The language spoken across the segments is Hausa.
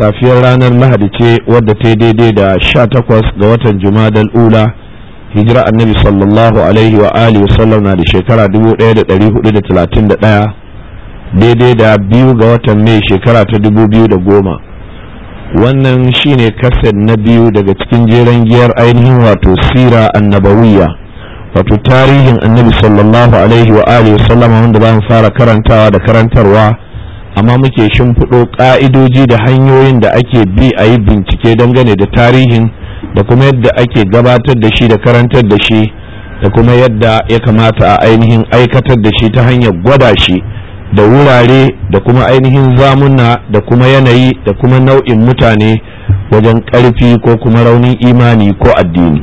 safiyar ranar lahadi ce wadda ta daidai da sha takwas ga watan jumadal ula hijira annabi sallallahu alaihi wa alihi sallam na da shekara 1431 daidai da biyu ga watan mai shekara ta 2010 wannan shine kaset na biyu daga cikin jeren giyar ainihin wato sira annabawiya wato tarihin annabi sallallahu alaihi wa alihi sallama wanda za mu fara karantawa da karantarwa amma muke shimfiɗo ƙa'idoji da hanyoyin da ake bi a yi bincike dangane da tarihin da kuma yadda ake gabatar da shi da karantar da shi da kuma yadda ya kamata a ainihin aikatar da shi ta hanyar gwada shi da wurare da kuma ainihin zamuna da kuma yanayi da kuma nau'in mutane wajen karfi ko kuma raunin imani ko addini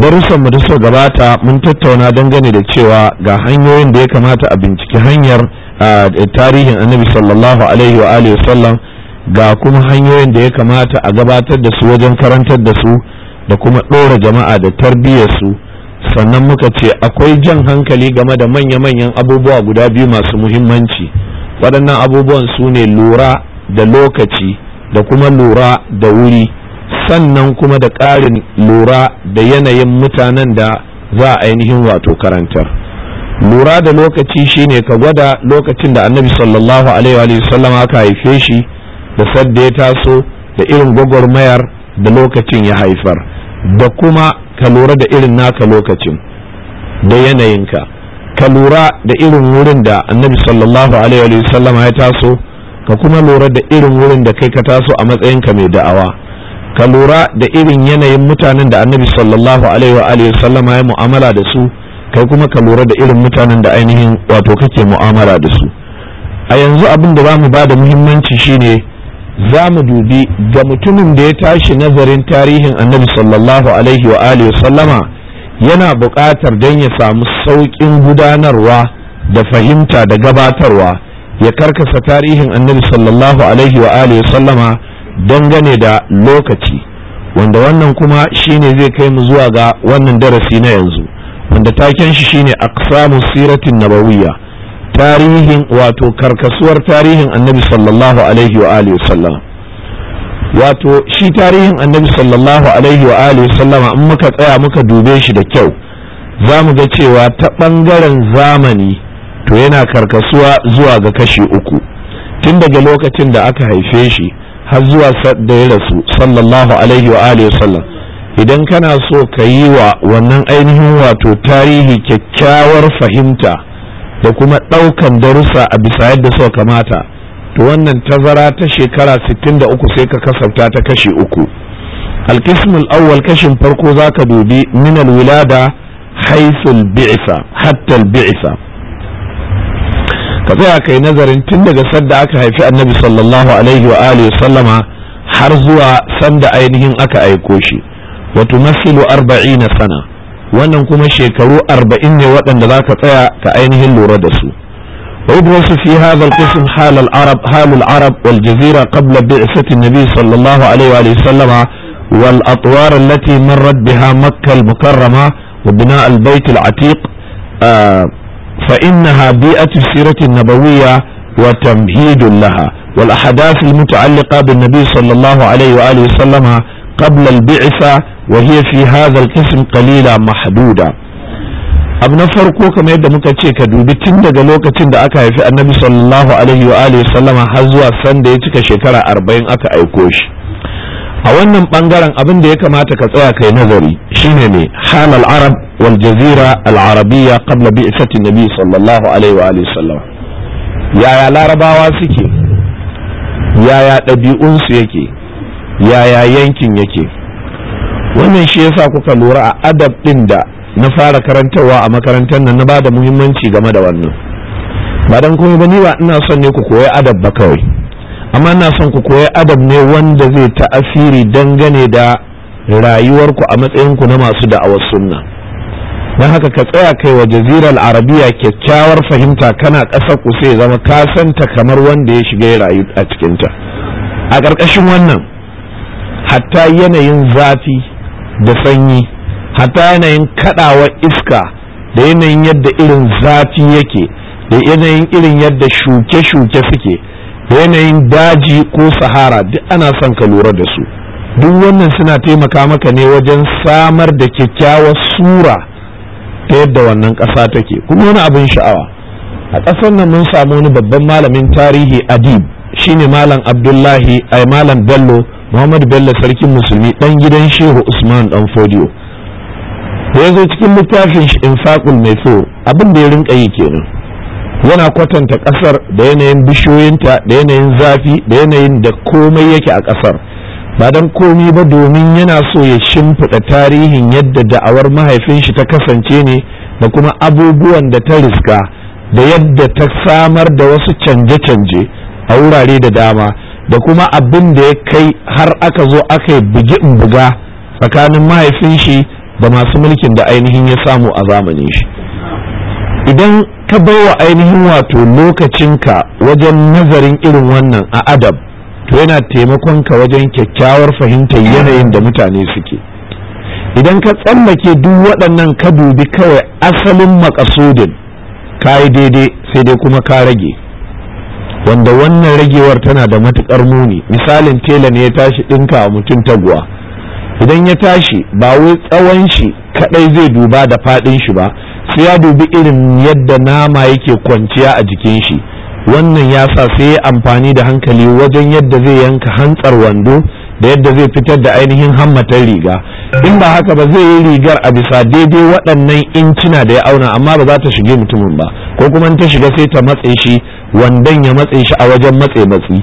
darussanmu da suka gabata mun tattauna dangane da cewa ga hanyoyin da ya kamata a bincike hanyar tarihin annabi sallallahu alaihi wa alihi wasallam ga kuma hanyoyin da ya kamata a gabatar da su wajen karantar da su da kuma ɗora jama'a da tarbiyyar su sannan muka ce akwai jan hankali game da manya-manyan abubuwa guda biyu masu muhimmanci waɗannan abubuwan su ne lura da lokaci da kuma lura da wuri sannan kuma da ƙarin lura da yanayin mutanen da za a ainihin wato karantar lura da lokaci shine ka gwada lokacin da annabi sallallahu alaihi wa sallam aka haife shi da sadda ya taso da irin gwagwarmayar da lokacin ya haifar da kuma ka lura da irin naka lokacin da yanayinka ka lura da irin wurin da annabi sallallahu alaihi wa sallam ya taso ka kuma lura da irin wurin da kai ka taso a matsayinka mai da'awa ka lura da irin yanayin mutanen da annabi sallallahu alaihi wa sallama ya mu'amala da su kai kuma ka lura da irin mutanen da ainihin wato kake mu'amala da su a yanzu abin da za mu ba da muhimmanci shine za mu dubi ga mutumin da ya tashi nazarin tarihin annabi sallallahu alaihi wa alihi sallama yana buƙatar don ya samu sauƙin gudanarwa da fahimta da gabatarwa ya karkasa tarihin annabi sallallahu alaihi wa alihi sallama dangane da lokaci wanda wannan kuma shine zai kai mu zuwa ga wannan darasi na yanzu wanda taken shi shine aqsamu siratin nabawiyya tarihin wato karkasuwar tarihin annabi sallallahu alaihi wa alihi wasallam wato shi tarihin annabi sallallahu alaihi wa alihi sallama in muka tsaya muka dube shi da kyau za mu ga cewa ta ɓangaren zamani to yana karkasuwa zuwa ga kashi uku tun daga lokacin da aka haife shi har zuwa da ya rasu sallallahu alaihi wa alihi sallam idan kana so ka yi wa wannan ainihin wato tarihi kyakkyawar fahimta da kuma ɗaukan darussa a bisa yadda so kamata to wannan tazara ta shekara 63 sai ka kasafta ta kashi uku alkismul awwal kashin farko za ka dubi minal wilada haisul bi'isa hatta bi'isa ka tsaya kai nazarin tun daga sadda aka haifi annabi sallallahu alaihi wa alihi sallama har zuwa sanda ainihin aka aiko shi وتمثل أربعين سنة وانا كما shekaru أربعين ne waɗanda za ka tsaya ka ainihin lura في هذا القسم حال العرب حال العرب والجزيرة قبل بعثة النبي صلى الله عليه وآله وسلم والأطوار التي مرت بها مكة المكرمة وبناء البيت العتيق آه، فإنها بيئة السيرة النبوية وتمهيد لها والأحداث المتعلقة بالنبي صلى الله عليه وآله وسلم قبل البعثة وهي في هذا القسم قليلة محدودة abu na farko kamar yadda muka ce ka dubi tun daga lokacin da aka haifi annabi sallallahu alaihi wa alihi sallama har zuwa sanda ya cika shekara arba'in aka aiko shi a wannan bangaren abin da ya kamata ka tsaya kai nazari shine ne halal arab wal jazira al arabiyya qabla bi'sati nabi sallallahu alaihi wa alihi sallama yaya larabawa suke yaya ɗabi'unsu yake yaya yankin yake wannan shi yasa kuka lura a adab ɗin da na fara karantarwa a makarantar nan na bada muhimmanci game da wannan ba dan kuma ba ni ba ina son ne ku koyi adab ba kawai amma ina son ku koyi adab ne wanda zai ta'asiri dangane da rayuwarku a matsayinku na masu da'awar sunna don haka ka tsaya kai wa jazirar arabiya kyakkyawar fahimta kana ƙasar ku sai zama ka santa kamar wanda ya shiga rayu a cikinta a ƙarƙashin wannan hatta yanayin zafi da sanyi hatta yanayin kadawar iska da yanayin yadda irin zafi yake da yanayin irin yadda shuke-shuke suke da yanayin daji ko sahara duk ana son ka lura da su duk wannan suna taimaka maka ne wajen samar da kyakkyawar sura ta yadda wannan ƙasa take kuma wani abin sha'awa a ƙasar nan mun samu wani babban malamin tarihi adib shine malam abdullahi ai malam bello Muhammadu Bello sarkin musulmi ɗan gidan Shehu Usman ɗan Fodio da ya zo cikin littafin mai so abin da ya rinka yi kenan yana kwatanta ƙasar da yanayin bishiyoyinta da yanayin zafi da yanayin da komai yake a ƙasar ba don komai ba domin yana so ya shimfiɗa tarihin yadda da'awar mahaifin shi ta kasance ne da kuma abubuwan da ta riska da yadda ta samar da wasu canje-canje a wurare da dama da kuma abin da ya kai har aka zo aka yi bugi in buga tsakanin mahaifin shi da masu mulkin da ainihin ya samu a zamani shi idan ka bai wa ainihin wato lokacinka wajen nazarin irin wannan a adab to yana taimakon ka wajen kyakkyawar fahimtar yanayin da mutane suke idan ka tsallake duk waɗannan ka dubi kawai asalin makasudin ka yi daidai sai dai kuma ka rage wanda wannan ragewar tana da matukar muni misalin tela ne ya tashi dinka a mutum taguwa idan ya tashi ba wai tsawon shi kadai zai duba da faɗin shi ba sai ya dubi irin yadda nama yake kwanciya a jikin shi wannan ya sa sai ya amfani da hankali wajen yadda zai yanka hantsar wando da yadda zai fitar da ainihin hammatar riga in ba haka ba zai yi rigar a bisa daidai waɗannan incina da ya auna amma ba za ta shige mutumin ba ko kuma ta shiga sai ta matse shi wandan ya matse shi a wajen matse matsi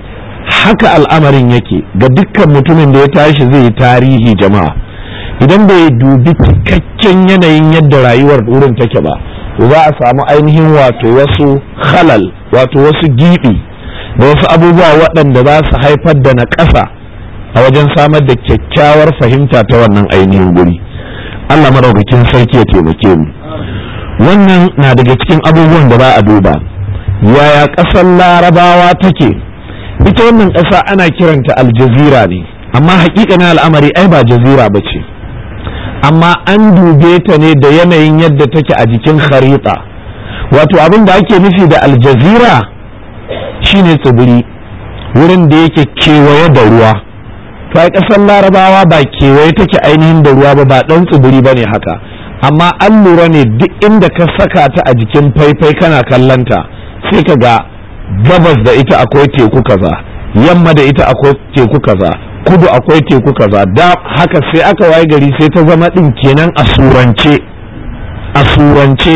haka al'amarin yake ga dukkan mutumin da ya tashi zai yi tarihi jama'a idan bai dubi cikakken yanayin yadda rayuwar wurin take ba za a samu ainihin wato wasu halal wato wasu gibi da wasu abubuwa waɗanda za su haifar da na ƙasa a wajen samar da kyakkyawar fahimta ta wannan ainihin guri Allah maraukakin sarki ya taimake mu wannan na daga cikin abubuwan da ba a duba yaya ƙasar larabawa take ita wannan ƙasa ana kiranta aljazira ne amma na al'amari ai ba jazira ba ce amma an dube ta ne da yanayin yadda take a jikin kharita wato abin da ake nufi da aljazira shine tsibiri wurin da yake kewaye da ruwa fa kasar ƙasar larabawa ba kewaye take ainihin da ruwa ba ba ɗan tsibiri ba ne haka amma an lura ne duk inda ka saka ta a jikin faifai kana kallanta sai ka ga gabas da ita akwai teku kaza yamma da ita akwai teku kaza kudu akwai teku kaza da haka sai aka waye gari sai ta zama ɗin kenan a surance a surance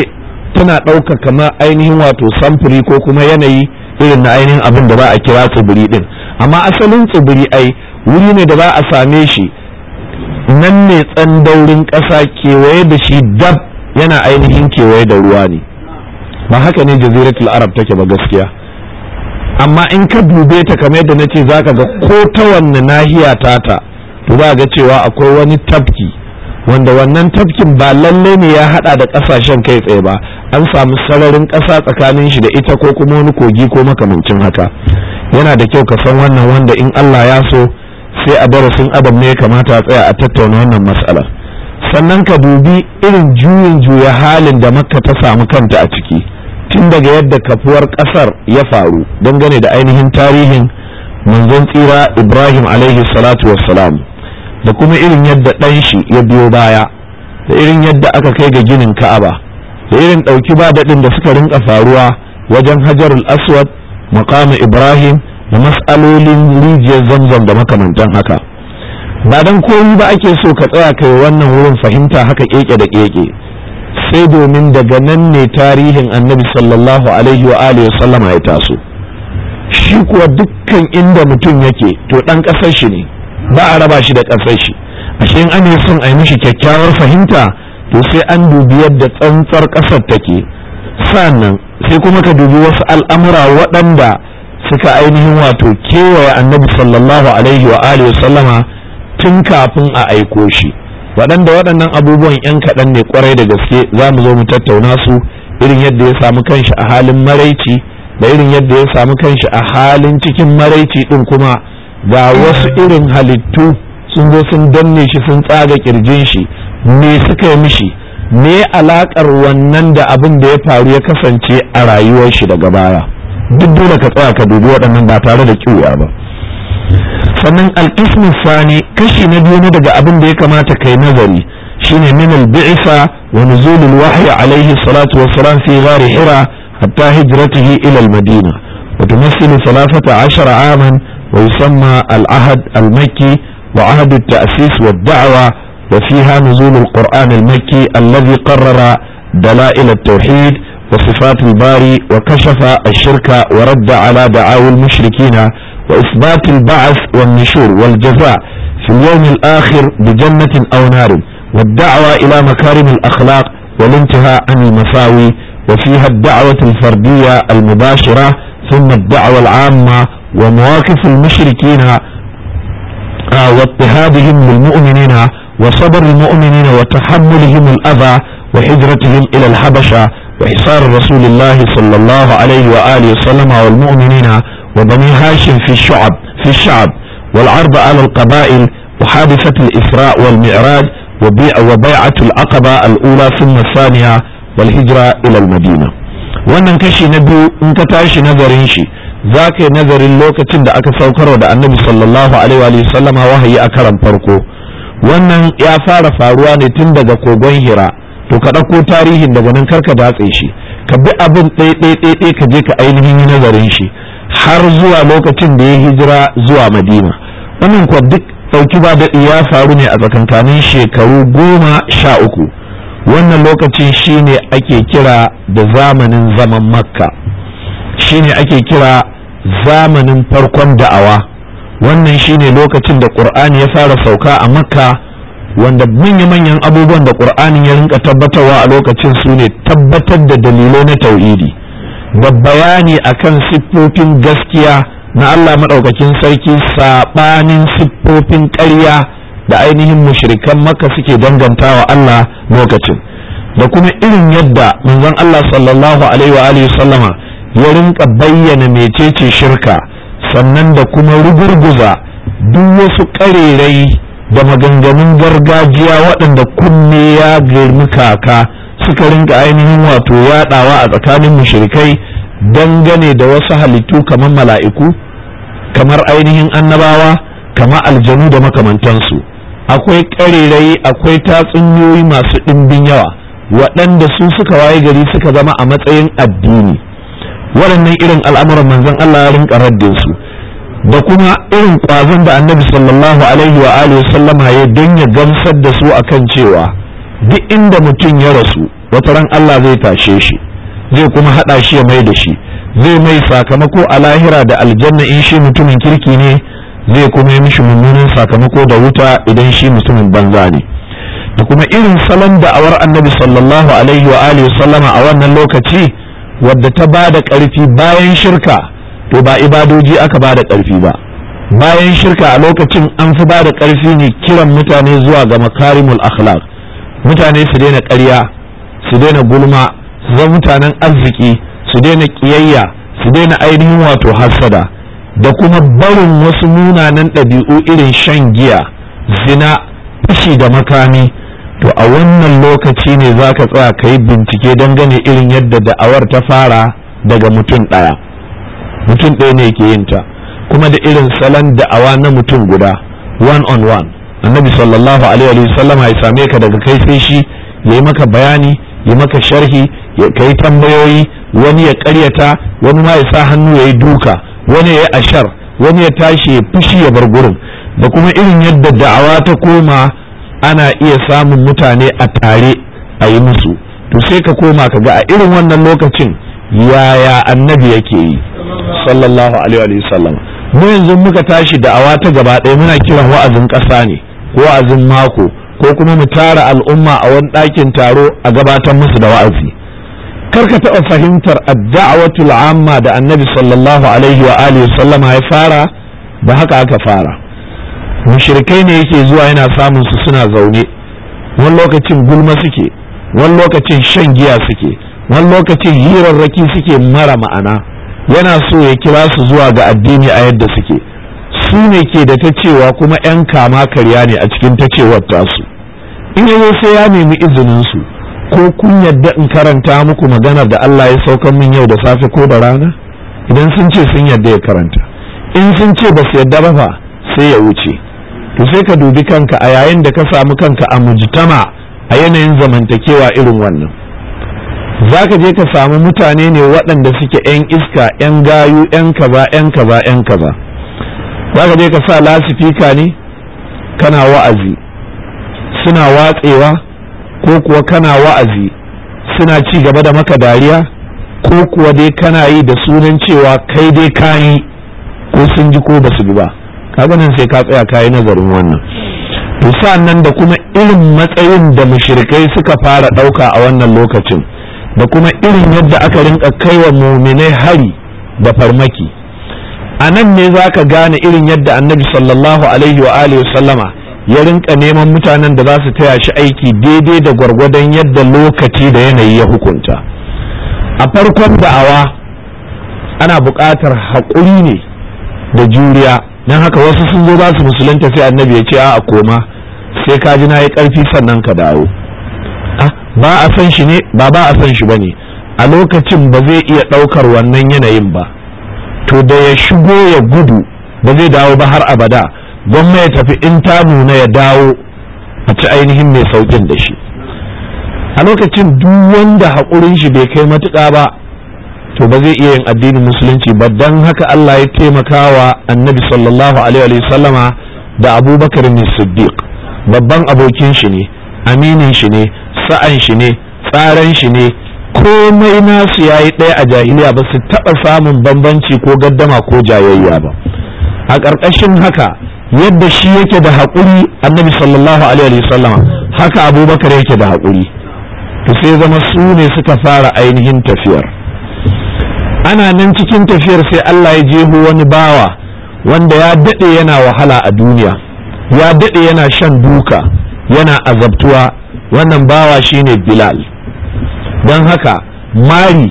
tana ɗauka kamar ainihin wato samfuri ko kuma yanayi irin na ainihin abin da ba a kira tsibiri ɗin amma asalin tsibiri ai wuri ne da ba a same shi nan ne tsandaurin ƙasa kewaye da shi dab yana ainihin kewaye da ruwa ne ba haka ne jaziratul arab take ba gaskiya amma in ka dube ta kamar yadda na ce za ka ga ko ta wanne nahiya tata to ba ga cewa akwai wani tafki wanda wannan tafkin ba lalle ne ya hada da kasashen kai tsaye ba an samu sararin ƙasa tsakanin shi da ita ko kuma wani kogi ko makamancin haka yana da kyau ka san wannan wanda in Allah ya so sai a darasin adam ne ya kamata a tsaya a tattauna wannan matsala sannan ka dubi irin juyin juya halin da makka ta samu kanta a ciki tun daga yadda kafuwar kasar ya faru dangane da ainihin tarihin manzon tsira ibrahim alaihi salatu wassalam da kuma irin yadda ɗan shi ya biyo baya da irin yadda aka kai ga ginin ka'aba da irin ɗauki ba daɗin da suka rinka faruwa wajen hajarul aswad maqama ibrahim da matsalolin rijiyar zamzam da makamantan haka ba dan koyi ba ake so ka tsaya kai wannan wurin fahimta haka keke da keke sai domin daga nan ne tarihin annabi sallallahu alaihi wa alihi sallama ya taso shi kuwa dukkan inda mutum yake to ɗan kasar shi ne ba a raba shi da kasar shi ashe in ana son a yi mishi kyakkyawar fahimta to sai an dubi yadda tsantsar kasar take sannan sai kuma ka dubi wasu al'amura waɗanda suka ainihin wato kewaye annabi sallallahu alaihi wa alihi sallama tun kafin a aiko shi waɗanda waɗannan abubuwan 'yan kaɗan ne kwarai da gaske za mu zo mu tattauna su irin yadda ya samu kanshi a halin maraici da irin yadda ya samu kanshi a halin cikin maraici ɗin kuma ga wasu irin halittu sun zo sun danne shi sun tsaga kirjin shi me suka yi mishi me alaƙar wannan da abin da ya faru ya kasance a rayuwar shi daga baya duk dole ka tsaya ka dubi waɗannan ba tare da kiwuya ba sannan alƙismin sani kashi na biyu na daga abin da ya kamata kai nazari shine min al wa nuzulul wahyi alayhi salatu wa salam fi ghar hira hatta hijratihi ila al-madina wa tumassilu ashara aman wa yusamma al-ahad al-makki wa ahad at-ta'sis wa ad-da'wa wa fiha nuzul quran al alladhi qarrara dalail at-tauhid وصفات الباري وكشف الشرك ورد على دعاوى المشركين وإثبات البعث والنشور والجزاء في اليوم الآخر بجنة أو نار والدعوة إلى مكارم الأخلاق والانتهاء عن المساوي وفيها الدعوة الفردية المباشرة ثم الدعوة العامة ومواقف المشركين واضطهادهم للمؤمنين وصبر المؤمنين وتحملهم الأذى وهجرتهم إلى الحبشة وإحصار رسول الله صلى الله عليه وآله وسلم والمؤمنين وبني هاشم في الشعب في الشعب والعرض على القبائل وحادثة الإسراء والمعراج وبيع وبيعة العقبة الأولى ثم الثانية والهجرة إلى المدينة wannan kashi na biyu in ka tashi nazarin shi za nazarin lokacin da aka saukarwa da annabi sallallahu alaihi wa sallama wahayi a karan farko wannan ya fara faruwa ne tun daga kogon hira to ka ɗauko tarihin daga nan karka datse shi ka bi abin ɗaiɗaiɗaiɗai ka je ka ainihin nazarin shi har zuwa lokacin da ya hijira zuwa madina wannan kuwa duk ɗauki ba daɗi ya faru ne a tsakankanin shekaru goma sha uku wannan lokacin shi ne ake kira da zamanin zaman makka shi ne ake kira zamanin farkon da'awa wannan shi ne lokacin da ƙur'ani ya fara sauka a makka wanda manya-manyan abubuwan da ƙur'anin ya rinka tabbatarwa a lokacin su ne tabbatar da dalilai na tauhidi da bayani akan siffofin gaskiya na Allah maɗaukakin sarki saɓanin siffofin ƙarya da ainihin mushrikan maka suke dangantawa Allah lokacin da kuma irin yadda manzon Allah sallallahu alaihi wa sallama ya rinka bayyana mecece shirka sannan da kuma rugurguza duk wasu ƙarerai da maganganun gargajiya waɗanda kunne ya girmi kaka suka rinka ainihin wato yaɗawa a tsakanin mushrikai dangane da wasu halittu kamar mala'iku kamar ainihin annabawa kamar aljanu da makamantansu akwai ƙarirai akwai tatsuniyoyi masu ɗimbin yawa waɗanda su suka waye gari suka zama a matsayin addini waɗannan irin al'amuran manzon Allah ya rinka raddin su da kuma irin ƙwazon da annabi sallallahu alaihi wa alihi sallam ya don gamsar da su akan cewa duk inda mutum ya rasu wata ran Allah zai tashe shi zai kuma haɗa shi ya mai da shi zai mai sakamako a lahira da aljanna in shi mutumin kirki ne zai kuma yi mishi mummunan sakamako da wuta idan shi mutumin banza ne da kuma irin salon da'awar annabi sallallahu alaihi wa alihi sallama a wannan lokaci wadda ta ba da ƙarfi bayan shirka to ba ibadoji aka ba da ƙarfi ba bayan shirka a lokacin an fi ba da ƙarfi ne kiran mutane zuwa ga makarimul akhlaq mutane su daina ƙarya su daina gulma su zama mutanen arziki su daina ƙiyayya su daina ainihin wato hassada da kuma barin wasu munanan ɗabi'u irin shan giya zina fushi da makami to a wannan lokaci ne za ka tsaya ka yi bincike dangane irin yadda da'awar ta fara daga mutum ɗaya mutum ɗaya ne ke yin ta kuma da irin salon da'awa na mutum guda one on one annabi sallallahu alaihi wa sallam ya same ka daga kai sai shi yayi maka bayani ya maka sharhi ya kai tambayoyi wani ya karyata wani ma ya sa hannu yayi duka wani ya yi ashar wani ya tashi ya fushi ya bar gurin da kuma irin yadda da'awa ta koma ana iya samun mutane a tare a yi musu to sai ka koma ka ga a irin wannan lokacin yaya annabi yake yi sallallahu alaihi wa sallam mu yanzu muka tashi da'awa ta gaba ɗaya muna kiran wa'azin ƙasa ne ko wa'azin mako ko kuma mu tara al'umma a wani ɗakin taro a gabatar musu da wa'azi kar ka taɓa fahimtar adda'awatul amma da annabi sallallahu alaihi wa alihi sallama ya fara da haka aka fara mushrikai ne yake zuwa yana samun su suna zaune wani lokacin gulma suke wani lokacin shan giya suke wani lokacin hirarraki suke mara ma'ana yana so ya kira su zuwa ga addini a yadda suke su ne ke da ta cewa kuma 'yan kama karya ne a cikin ta cewar tasu in yazo sai ya nemi izininsu, ko kun yadda in karanta muku maganar da Allah ya saukan min yau da safe ko da rana idan sun ce sun yadda ya karanta in sun ce ba su yadda ba sai ya wuce to sai ka dubi kanka a yayin da ka samu kanka a mujtama a yanayin zamantakewa irin wannan za ka je ka samu mutane ne waɗanda suke 'yan iska 'yan gayu 'yan kaza 'yan kaza 'yan kaza za ka je ka sa lasifika ne kana wa'azi suna watsewa ko kuwa kana wa'azi suna ci gaba da maka dariya ko kuwa dai kana yi da sunan cewa kai dai ka yi ko sun ji ko ba su bi ba kaga sai ka tsaya ka yi nazarin wannan to nan da kuma irin matsayin da mushirikai suka fara ɗauka a wannan lokacin da kuma irin yadda aka rinka kaiwa muminai hari da farmaki a nan ne za ka gane irin yadda annabi sallallahu alaihi wa alihi sallama ya rinka neman mutanen da za su taya shi aiki daidai da gwargwadon yadda lokaci da yanayi ya hukunta a farkon da'awa ana buƙatar haƙuri ne da juriya don haka wasu sun zo za su musulunta sai annabi ya ce a koma sai ka ji na yi ƙarfi sannan ka dawo ba a san shi ne ba ba a san shi ba ne a lokacin ba zai iya ɗaukar wannan yanayin ba to da ya shigo ya gudu ba zai dawo ba har abada gwamna ya tafi in ta nuna ya dawo a ci ainihin mai saukin da shi a lokacin duk wanda haƙurin shi bai kai matuƙa ba to ba zai iya yin addinin musulunci ba don haka Allah ya taimakawa annabi sallallahu alaihi sallama da abubakar ne siddiq babban abokin shi ne aminin shi ne sa'an shi ne tsaran shi ne komai nasu yayi ɗaya a jahiliya ba su taɓa samun bambanci ko gaddama ko jayayya ba a ƙarƙashin haka yadda shi yake da haƙuri annabi sallallahu alaihi sallam haka abubakar yake da haƙuri sai zama su ne suka fara ainihin tafiyar ana nan cikin tafiyar sai Allah ya jeho wani bawa wanda ya daɗe yana wahala a duniya ya daɗe yana shan duka yana azabtuwa wannan bawa shine bilal don haka mari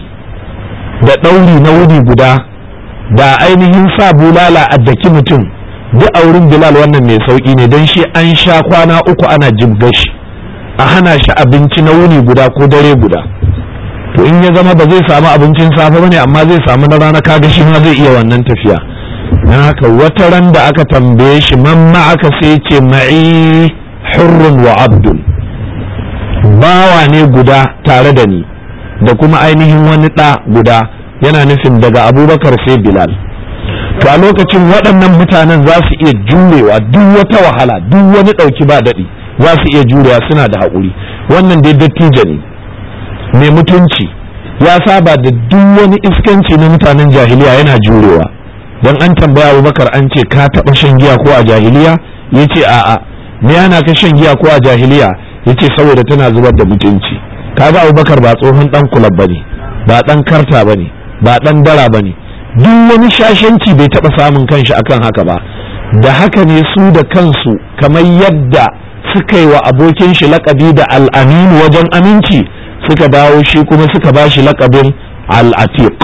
da ɗauri na wuri guda da ainihin sa bulala a daki mutum duk a wurin bilal wannan mai sauƙi ne don shi an sha kwana uku ana shi. a hana shi abinci na wuni guda ko dare guda to in ya zama ba zai samu abincin safe ba ne amma zai samu na rana kaga shi ma zai iya wannan tafiya Na haka wata ran da aka tambaye shi mamma aka sai ce ma'i hurrun wa abdul bawa ne guda tare da ni da kuma ainihin wani ɗa guda yana nufin daga abubakar sai bilal to a lokacin waɗannan mutanen za su iya jurewa duk wata wahala duk wani ɗauki ba daɗi za su iya jurewa suna da haƙuri wannan dai dattijo ne mai mutunci ya saba da duk wani iskanci na mutanen jahiliya yana jurewa don an tambaya abubakar an ce ka taɓa shan giya ko a jahiliya ya ce a'a me yana ka shan giya ko a jahiliya yace saboda tana zubar da mutunci kaga abubakar ba tsohon dan kulab bane ba dan karta bane ba dan dara bane duk wani shashanci bai taba samun kanshi akan haka ba da haka ne su da kansu kamar yadda suka yi wa abokin shi lakabi da al'aminu wajen aminci suka dawo shi kuma suka ba shi lakabin al'atiq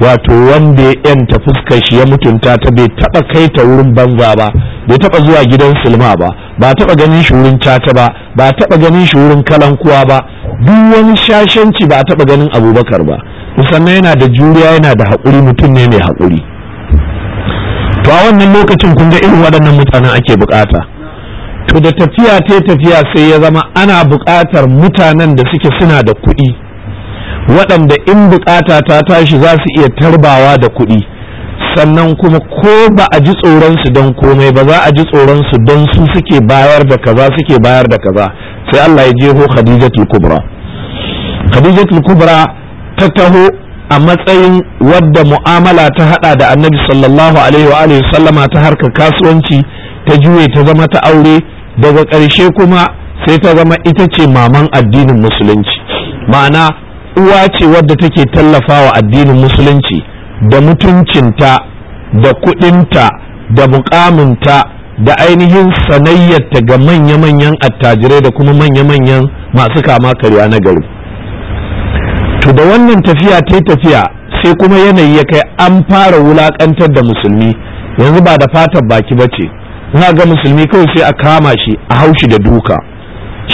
wato wanda ya ta fuskar shi ya mutunta ta bai taba kai ta wurin banza ba bai taba zuwa gidan sulma ba ba taba ganin shi wurin cata ba ba taba ganin shi wurin kalankuwa ba duk wani shashanci ba taba ganin abubakar ba sannan yana da juriya yana da haƙuri mutum ne mai haƙuri to a wannan lokacin kun ga irin waɗannan mutanen ake bukata to da tafiya ta tafiya sai ya zama ana buƙatar mutanen da suke suna da kuɗi waɗanda in bukata ta tashi za su iya tarbawa da kuɗi sannan kuma ko ba a ji tsoronsu don komai ba za a ji tsoronsu don su suke bayar da kaza suke bayar da kaza sai Allah ya jeho Khadijatul Kubra Khadijatul Kubra ta taho a matsayin wadda mu'amala ta hada da annabi sallallahu alaihi wa sallama ta harkar kasuwanci ta juye ta zama ta aure daga ƙarshe kuma sai ta zama ita ce maman addinin musulunci ma'ana uwa ce wadda take tallafawa addinin musulunci da mutuncinta da kudinta da mukaminta da ainihin sanayyarta ga manya-manyan attajirai da kuma manya-manyan masu kama karya na gari to da wannan tafiya ta tafiya sai kuma yanayi ya kai an fara wulakantar da musulmi yanzu ba da fatan baki ba ce na ga musulmi kawai sai a kama shi a haushi da duka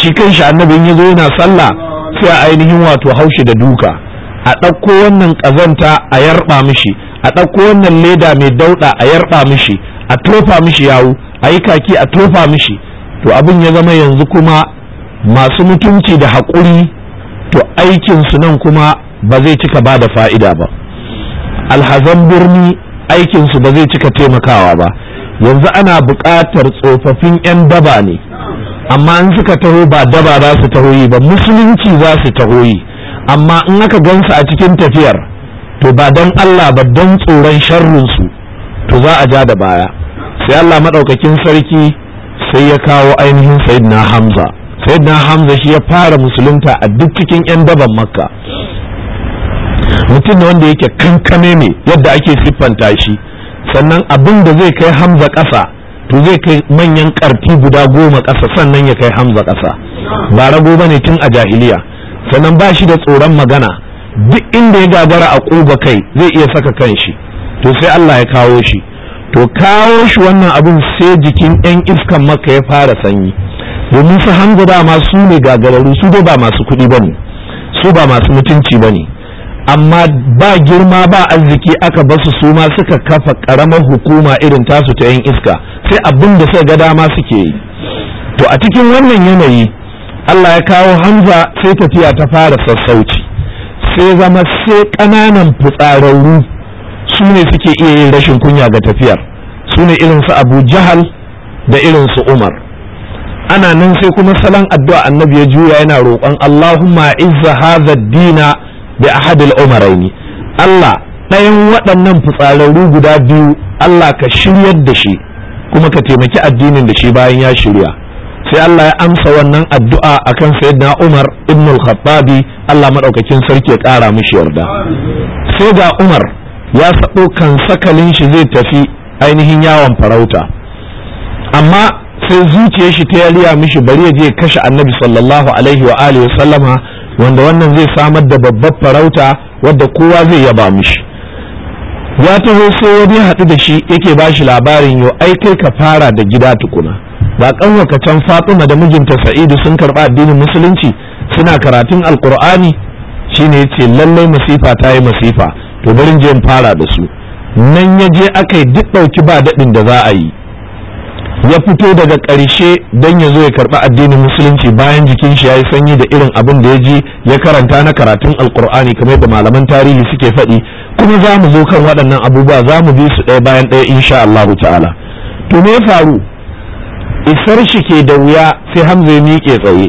shi kan shi annabi ya zo yana sallah sai a ainihin wato haushi da duka a ɗauko wannan ƙazanta a yarɓa mishi a ɗauko wannan leda mai dauɗa a yarɓa mishi a tofa mishi yawu a yi kaki a tofa mishi to abin ya zama yanzu kuma masu mutunci da haƙuri to aikinsu nan kuma ba zai cika ba da fa'ida ba alhazan birni aikinsu ba zai cika taimakawa ba yanzu ana buƙatar tsofaffin 'yan daba ne amma in suka taho ba daba za su taho yi ba musulunci za su taho yi amma in aka gansu a cikin tafiyar to ba don Allah ba don tsoron su to za a ja da baya sai Allah maɗaukakin sarki sai ya kawo ainihin sayyidina Hamza sayyidina Hamza shi ya fara musulunta a duk cikin 'yan daban makka mutum ne wanda yake kankane ne yadda ake siffanta shi sannan abin da zai kai Hamza ƙasa to zai kai manyan karfi guda goma ƙasa sannan ya kai hamza ƙasa ba rago ba ne tun a jahiliya sannan ba shi da tsoron magana duk inda ya gabara a ƙuba kai zai iya saka kan shi to sai Allah ya kawo shi to kawo shi wannan abin sai jikin 'yan iskan maka ya fara sanyi domin su hamza ba masu ne gagararru su dai ba masu kuɗi ba ne su ba masu mutunci ba ne amma ba girma ba arziki aka basu su ma suka kafa ƙaramar hukuma irin tasu ta yan iska sai abin da suka ga dama suke yi to a cikin wannan yanayi Allah ya kawo hamza sai tafiya ta fara sassauci sai zama sai ƙananan fitsararru su ne suke iya yin rashin kunya ga tafiyar su ne irin su abu jahal da irin su umar ana nan sai kuma salon addu'a annabi ya juya yana roƙon Allahumma izza hadha dina bi ahadil umaraini Allah ɗayan waɗannan fitsararru guda biyu Allah ka shiryar da shi kuma ka taimaki addinin da shi bayan ya shirya sai Allah ya amsa wannan addu'a akan sayyidina Umar ibn al-Khattabi Allah madaukakin sarki ya kara mishi yarda sai ga Umar ya sado kan sakalin shi zai tafi ainihin yawon farauta amma sai zuciyar shi ta yaliya mishi bari ya je kashe annabi sallallahu alaihi wa alihi sallama wanda wannan zai samar da babbar farauta wadda kowa zai yaba mishi ya taho sai wani haɗu da shi yake ba shi labarin yau ai kai ka fara da gida tukuna ba kanwaka can fatima da mijinta sa'idu sun karɓa addinin musulunci suna karatun alkur'ani shine ya ce lallai masifa ta yi masifa to barin je fara da su nan ya je aka yi duk ɗauki ba daɗin da za a yi ya fito daga ƙarshe don ya zo ya karɓi addinin musulunci bayan jikin shi ya yi sanyi da irin abin da ya ji ya karanta na karatun alkur'ani kamar da malaman tarihi suke faɗi kuma za mu zo kan waɗannan abubuwa za mu bi su ɗaya bayan ɗaya insha Allah ta'ala to me ya faru isar shi ke da wuya sai hamza ya miƙe tsaye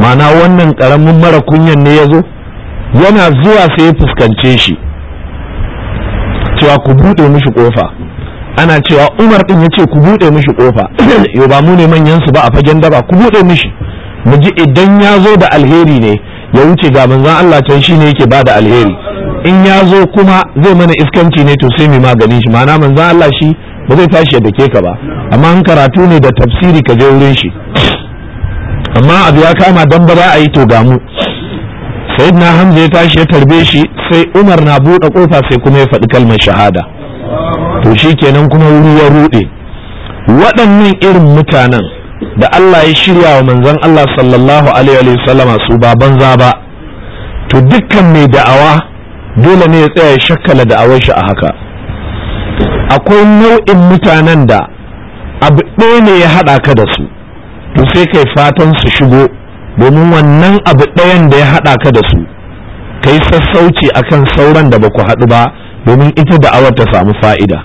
ma'ana wannan ƙaramin mara kunyan ne ya zo yana zuwa sai ya fuskance shi cewa ku buɗe mishi ƙofa ana cewa umar ɗin ya ce ku buɗe mishi ƙofa yau ba mu ne manyan su ba a fagen daba ku buɗe mishi mu ji idan ya zo da alheri ne ya wuce ga manzon Allah can shi ne yake ba da alheri in ya zo kuma zai mana iskanci ne to sai mai maganin shi ma'ana manzon Allah shi ba zai tashi ya dake ka ba amma in karatu ne da tafsiri ka je wurin shi amma abu ya kama dan ba za a yi to ga mu sayyidina hamza ya tashi ya tarbe shi sai umar na buɗe kofa sai kuma ya faɗi kalmar shahada to kenan kuma wuri ya ruɗe waɗannan irin mutanen da Allah ya shirya wa manzon Allah sallallahu alaihi wa sallama su ba banza ba to dukkan mai da'awa dole ne ya tsaya ya shakkala da'awar shi a haka akwai nau'in mutanen da abu ɗaya ne ya haɗa ka da su to sai kai fatan su shigo domin wannan abu ɗayan da ya haɗa ka da su kai sassauci akan sauran da baku haɗu ba domin ita da'awar ta samu fa'ida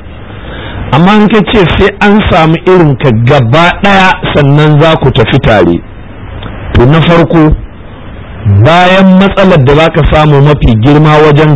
amma in ka ce sai an samu irin ka gaba ɗaya sannan za ku tafi tare to na farko bayan matsalar da za ka samu mafi girma wajen